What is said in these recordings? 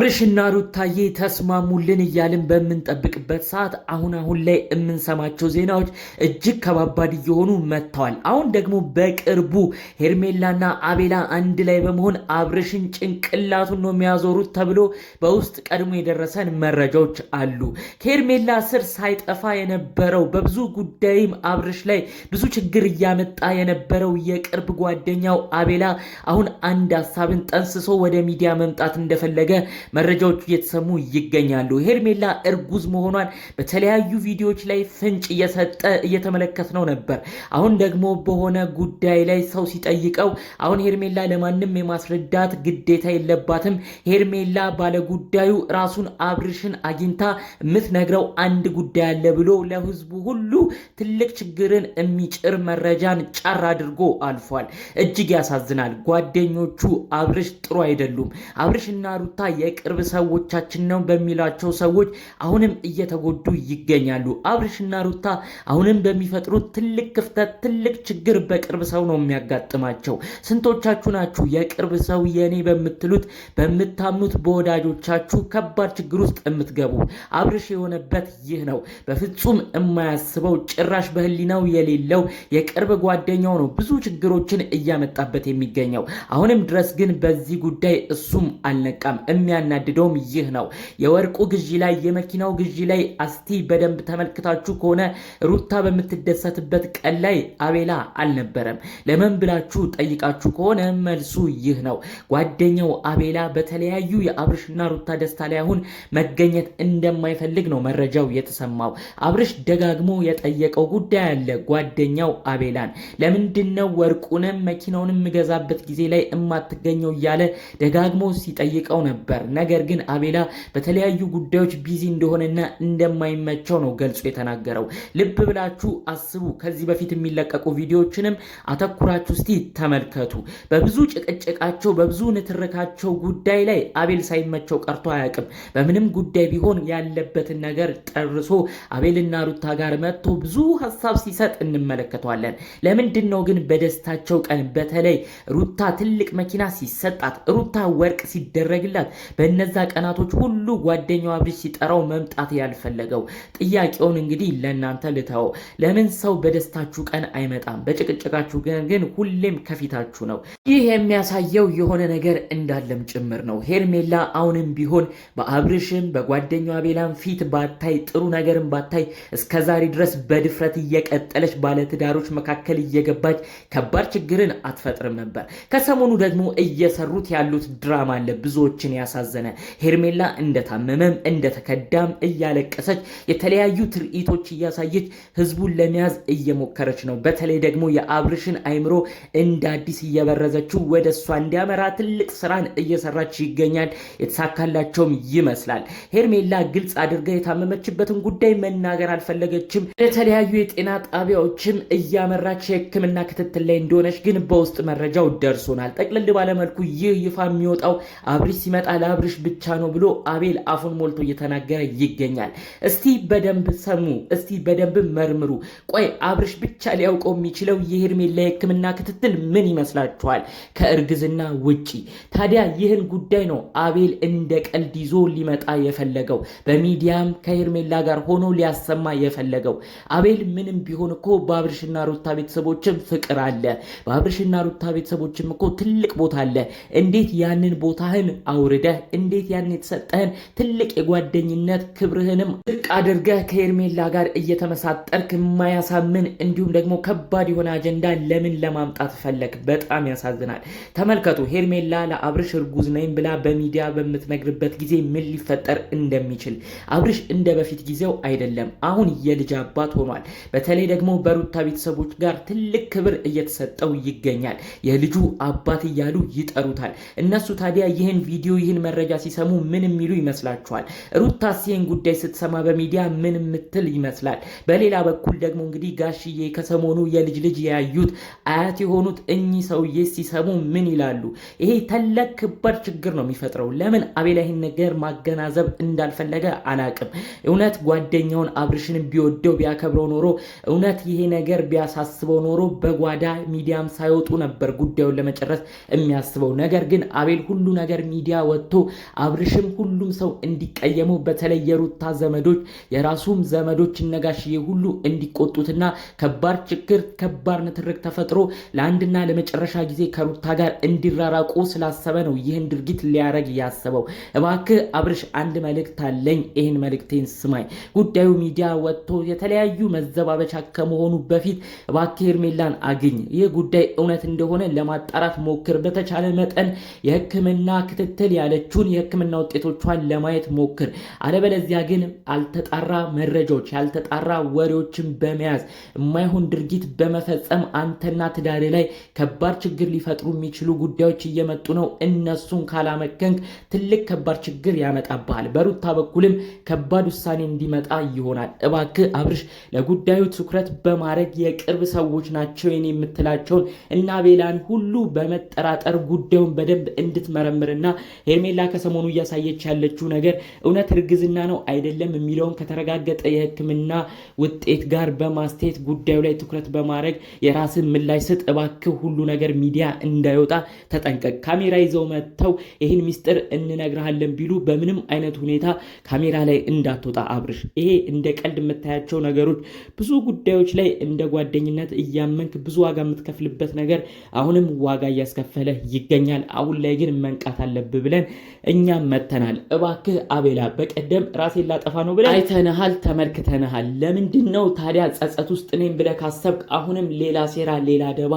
አብርሽና ሩታዬ ተስማሙልን እያልን በምንጠብቅበት ሰዓት አሁን አሁን ላይ የምንሰማቸው ዜናዎች እጅግ ከባባድ እየሆኑ መጥተዋል። አሁን ደግሞ በቅርቡ ሄርሜላና አቤላ አንድ ላይ በመሆን አብርሽን ጭንቅላቱን ነው የሚያዞሩት ተብሎ በውስጥ ቀድሞ የደረሰን መረጃዎች አሉ። ከሄርሜላ ስር ሳይጠፋ የነበረው በብዙ ጉዳይም አብርሽ ላይ ብዙ ችግር እያመጣ የነበረው የቅርብ ጓደኛው አቤላ አሁን አንድ ሀሳብን ጠንስሶ ወደ ሚዲያ መምጣት እንደፈለገ መረጃዎቹ እየተሰሙ ይገኛሉ። ሄርሜላ እርጉዝ መሆኗን በተለያዩ ቪዲዮዎች ላይ ፍንጭ እየሰጠ እየተመለከት ነው ነበር። አሁን ደግሞ በሆነ ጉዳይ ላይ ሰው ሲጠይቀው አሁን ሄርሜላ ለማንም የማስረዳት ግዴታ የለባትም፣ ሄርሜላ ባለጉዳዩ ራሱን አብርሽን አግኝታ የምትነግረው አንድ ጉዳይ አለ ብሎ ለህዝቡ ሁሉ ትልቅ ችግርን የሚጭር መረጃን ጫር አድርጎ አልፏል። እጅግ ያሳዝናል። ጓደኞቹ አብርሽ ጥሩ አይደሉም። አብርሽና ሩታ የቅርብ ሰዎቻችን ነው በሚላቸው ሰዎች አሁንም እየተጎዱ ይገኛሉ። አብርሽና ሩታ አሁንም በሚፈጥሩት ትልቅ ክፍተት፣ ትልቅ ችግር በቅርብ ሰው ነው የሚያጋጥማቸው። ስንቶቻችሁ ናችሁ የቅርብ ሰው የኔ በምትሉት በምታምኑት በወዳጆቻችሁ ከባድ ችግር ውስጥ የምትገቡ? አብርሽ የሆነበት ይህ ነው። በፍጹም የማያስበው ጭራሽ በህሊናው የሌለው የቅርብ ጓደኛው ነው ብዙ ችግሮችን እያመጣበት የሚገኘው። አሁንም ድረስ ግን በዚህ ጉዳይ እሱም አልነቃም። የሚያ የሚያናድደውም ይህ ነው። የወርቁ ግዢ ላይ፣ የመኪናው ግዢ ላይ አስቲ በደንብ ተመልክታችሁ ከሆነ ሩታ በምትደሰትበት ቀን ላይ አቤላ አልነበረም። ለምን ብላችሁ ጠይቃችሁ ከሆነ መልሱ ይህ ነው። ጓደኛው አቤላ በተለያዩ የአብርሽና ሩታ ደስታ ላይ አሁን መገኘት እንደማይፈልግ ነው መረጃው የተሰማው። አብርሽ ደጋግሞ የጠየቀው ጉዳይ አለ። ጓደኛው አቤላን ለምንድን ነው ወርቁንም መኪናውንም የምገዛበት ጊዜ ላይ እማትገኘው እያለ ደጋግሞ ሲጠይቀው ነበር። ነገር ግን አቤላ በተለያዩ ጉዳዮች ቢዚ እንደሆነና እንደማይመቸው ነው ገልጾ የተናገረው። ልብ ብላችሁ አስቡ። ከዚህ በፊት የሚለቀቁ ቪዲዮዎችንም አተኩራችሁ እስቲ ተመልከቱ። በብዙ ጭቅጭቃቸው፣ በብዙ ንትርካቸው ጉዳይ ላይ አቤል ሳይመቸው ቀርቶ አያውቅም። በምንም ጉዳይ ቢሆን ያለበትን ነገር ጠርሶ አቤልና ሩታ ጋር መጥቶ ብዙ ሀሳብ ሲሰጥ እንመለከተዋለን። ለምንድን ነው ግን በደስታቸው ቀን በተለይ ሩታ ትልቅ መኪና ሲሰጣት፣ ሩታ ወርቅ ሲደረግላት፣ በነዛ ቀናቶች ሁሉ ጓደኛው አብርሽ ሲጠራው መምጣት ያልፈለገው ጥያቄውን እንግዲህ ለእናንተ ልተው። ለምን ሰው በደስታችሁ ቀን አይመጣም፣ በጭቅጭቃችሁ ግን ሁሌም ከፊታችሁ ነው። ይህ የሚያሳየው የሆነ ነገር እንዳለም ጭምር ነው። ሄርሜላ አሁንም ቢሆን በአብርሽም በጓደኛ ቤላም ፊት ባታይ ጥሩ ነገርም ባታይ እስከዛሬ ድረስ በድፍረት እየቀጠለች ባለትዳሮች መካከል እየገባች ከባድ ችግርን አትፈጥርም ነበር። ከሰሞኑ ደግሞ እየሰሩት ያሉት ድራማ አለ ብዙዎችን ያሳዘ እንዳዘነ ሄርሜላ እንደታመመም እንደተከዳም እያለቀሰች የተለያዩ ትርኢቶች እያሳየች ህዝቡን ለመያዝ እየሞከረች ነው። በተለይ ደግሞ የአብርሽን አይምሮ እንደ አዲስ እየበረዘችው ወደ እሷ እንዲያመራ ትልቅ ስራን እየሰራች ይገኛል። የተሳካላቸውም ይመስላል። ሄርሜላ ግልጽ አድርጋ የታመመችበትን ጉዳይ መናገር አልፈለገችም። የተለያዩ የጤና ጣቢያዎችም እያመራች የህክምና ክትትል ላይ እንደሆነች ግን በውስጥ መረጃው ደርሶናል። ጠቅልል ባለመልኩ ይህ ይፋ የሚወጣው አብርሽ ሲመጣ ለአብርሽ አብርሽ ብቻ ነው ብሎ አቤል አፉን ሞልቶ እየተናገረ ይገኛል። እስቲ በደንብ ሰሙ፣ እስቲ በደንብ መርምሩ። ቆይ አብርሽ ብቻ ሊያውቀው የሚችለው የሄርሜላ የሕክምና ክትትል ምን ይመስላችኋል? ከእርግዝና ውጪ ታዲያ ይህን ጉዳይ ነው አቤል እንደ ቀልድ ይዞ ሊመጣ የፈለገው በሚዲያም ከሄርሜላ ጋር ሆኖ ሊያሰማ የፈለገው አቤል ምንም ቢሆን እኮ በአብርሽና ሩታ ቤተሰቦችም ፍቅር አለ። በአብርሽና ሩታ ቤተሰቦችም እኮ ትልቅ ቦታ አለ። እንዴት ያንን ቦታህን አውርደህ እንዴት ያን የተሰጠህን ትልቅ የጓደኝነት ክብርህንም ድቅ አድርገህ ከሄርሜላ ጋር እየተመሳጠርክ የማያሳምን እንዲሁም ደግሞ ከባድ የሆነ አጀንዳ ለምን ለማምጣት ፈለግ? በጣም ያሳዝናል። ተመልከቱ። ሄርሜላ ለአብርሽ እርጉዝ ነኝ ብላ በሚዲያ በምትነግርበት ጊዜ ምን ሊፈጠር እንደሚችል አብርሽ እንደ በፊት ጊዜው አይደለም። አሁን የልጅ አባት ሆኗል። በተለይ ደግሞ በሩታ ቤተሰቦች ጋር ትልቅ ክብር እየተሰጠው ይገኛል። የልጁ አባት እያሉ ይጠሩታል። እነሱ ታዲያ ይህን ቪዲዮ ይህን መረጃ ሲሰሙ ምን የሚሉ ይመስላችኋል? ሩታሴን ጉዳይ ስትሰማ በሚዲያ ምን የምትል ይመስላል? በሌላ በኩል ደግሞ እንግዲህ ጋሽዬ ከሰሞኑ የልጅ ልጅ ያዩት አያት የሆኑት እኚህ ሰውዬ ሲሰሙ ምን ይላሉ? ይሄ ተለቅ ከባድ ችግር ነው የሚፈጥረው። ለምን አቤላ ይህን ነገር ማገናዘብ እንዳልፈለገ አላቅም። እውነት ጓደኛውን አብርሽን ቢወደው ቢያከብረው ኖሮ እውነት ይሄ ነገር ቢያሳስበው ኖሮ በጓዳ ሚዲያም ሳይወጡ ነበር ጉዳዩን ለመጨረስ የሚያስበው ነገር ግን አቤል ሁሉ ነገር ሚዲያ ወጥቶ አብርሽም ሁሉም ሰው እንዲቀየመው በተለይ የሩታ ዘመዶች የራሱም ዘመዶች ነጋሽዬ ሁሉ እንዲቆጡትና ከባድ ችግር ከባድ ንትርክ ተፈጥሮ ለአንድና ለመጨረሻ ጊዜ ከሩታ ጋር እንዲራራቁ ስላሰበ ነው ይህን ድርጊት ሊያረግ ያሰበው። እባክህ አብርሽ አንድ መልእክት አለኝ፣ ይህን መልእክቴን ስማኝ። ጉዳዩ ሚዲያ ወጥቶ የተለያዩ መዘባበቻ ከመሆኑ በፊት እባክህ ሄርሜላን አግኝ። ይህ ጉዳይ እውነት እንደሆነ ለማጣራት ሞክር። በተቻለ መጠን የሕክምና ክትትል ያለችው ሌሎቹን የህክምና ውጤቶቿን ለማየት ሞክር። አለበለዚያ ግን አልተጣራ መረጃዎች፣ ያልተጣራ ወሬዎችን በመያዝ የማይሆን ድርጊት በመፈጸም አንተና ትዳሬ ላይ ከባድ ችግር ሊፈጥሩ የሚችሉ ጉዳዮች እየመጡ ነው። እነሱን ካላመከንክ ትልቅ ከባድ ችግር ያመጣብሃል። በሩታ በኩልም ከባድ ውሳኔ እንዲመጣ ይሆናል። እባክህ አብርሽ ለጉዳዩ ትኩረት በማድረግ የቅርብ ሰዎች ናቸው የኔ የምትላቸውን እና ቤላን ሁሉ በመጠራጠር ጉዳዩን በደንብ እንድትመረምርና ሄርሜላ ከሰሞኑ እያሳየች ያለችው ነገር እውነት እርግዝና ነው አይደለም የሚለውን ከተረጋገጠ የሕክምና ውጤት ጋር በማስተያየት ጉዳዩ ላይ ትኩረት በማድረግ የራስን ምላሽ ስጥ እባክህ፣ ሁሉ ነገር ሚዲያ እንዳይወጣ ተጠንቀቅ። ካሜራ ይዘው መጥተው ይህን ሚስጥር እንነግርሃለን ቢሉ በምንም አይነት ሁኔታ ካሜራ ላይ እንዳትወጣ አብርሽ። ይሄ እንደ ቀልድ የምታያቸው ነገሮች ብዙ ጉዳዮች ላይ እንደ ጓደኝነት እያመንክ ብዙ ዋጋ የምትከፍልበት ነገር አሁንም ዋጋ እያስከፈለ ይገኛል። አሁን ላይ ግን መንቃት አለብህ ብለን እኛም መተናል። እባክህ አቤላ በቀደም ራሴን ላጠፋ ነው ብለህ አይተንሃል፣ ተመልክተንሃል። ለምንድን ነው ታዲያ ጸጸት ውስጥ እኔም ብለህ ካሰብክ አሁንም ሌላ ሴራ፣ ሌላ ደባ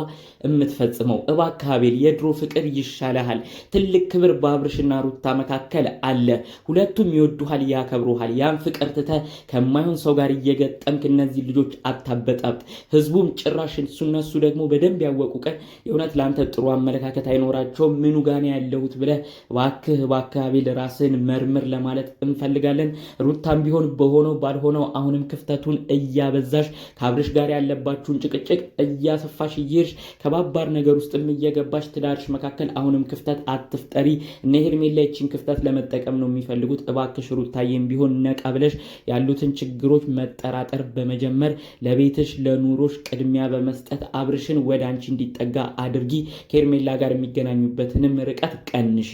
የምትፈጽመው? እባክህ አቤል የድሮ ፍቅር ይሻልሃል። ትልቅ ክብር በአብርሽና ሩታ መካከል አለ። ሁለቱም ይወዱሃል፣ ያከብሩሃል። ያን ፍቅር ትተህ ከማይሆን ሰው ጋር እየገጠምክ እነዚህ ልጆች አታበጣብጥ። ህዝቡም ጭራሽ እነሱ ደግሞ በደንብ ያወቁ ቀን የእውነት ለአንተ ጥሩ አመለካከት አይኖራቸውም። ምኑ ጋኔ ያለሁት ብለህ እባክህ አካባቢ ለራስን መርምር ለማለት እንፈልጋለን። ሩታም ቢሆን በሆነው ባልሆነው አሁንም ክፍተቱን እያበዛሽ ከአብርሽ ጋር ያለባችሁን ጭቅጭቅ እያሰፋሽ እየሄድሽ ከባባር ነገር ውስጥም እየገባሽ ትዳርሽ መካከል አሁንም ክፍተት አትፍጠሪ። እነ ሄርሜላ ይችን ክፍተት ለመጠቀም ነው የሚፈልጉት። እባክሽ ሩታዬም ቢሆን ነቃ ብለሽ ያሉትን ችግሮች መጠራጠር በመጀመር ለቤትሽ ለኑሮሽ ቅድሚያ በመስጠት አብርሽን ወደ አንቺ እንዲጠጋ አድርጊ። ከሄርሜላ ጋር የሚገናኙበትንም ርቀት ቀንሺ።